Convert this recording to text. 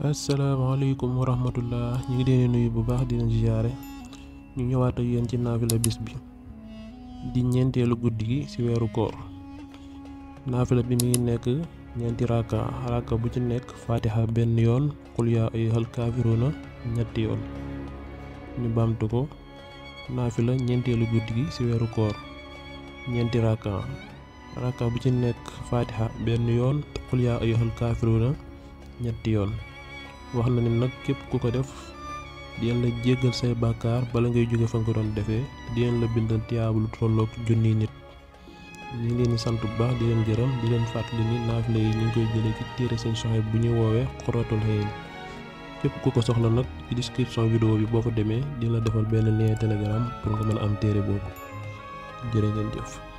Assalamualaikum warahmatullah. rahmatullah ñu ngi leen nuyu bu baax dina ziaré ñu ñëwaat ak yeen ci bis bi di ñentelu guddi gi ci wéru koor naafila bi mi ngi nekk ñenti raka raka bu ci nekk fatiha ben yoon qul ya ayyuhal kafiruna ñett yoon ñu bamtu ko naafila ñentelu guddi gi ci wéru koor ñenti raka raka bu ci nekk fatiha ben yoon qul ya ayyuhal kafiruna ñett yoon wax na ne nag képp ku ko def dinañ la jéggal say bàkkaar bala ngay jóge fa nga ko doon defee dinañ la bindal tiyaabul tolloog nii nit ñi ngi leen di sant bu baax di leen gërëm di leen fàttali ni naafile yi ñu ngi koy jëlee ci téere seen soxee bu ñuy woowee xorootul xëy képp ku ko soxla nag ci description vidéo bi boo ko demee di la defal benn lien telegram pour nga mën am téere boobu jërë ngeen jëf.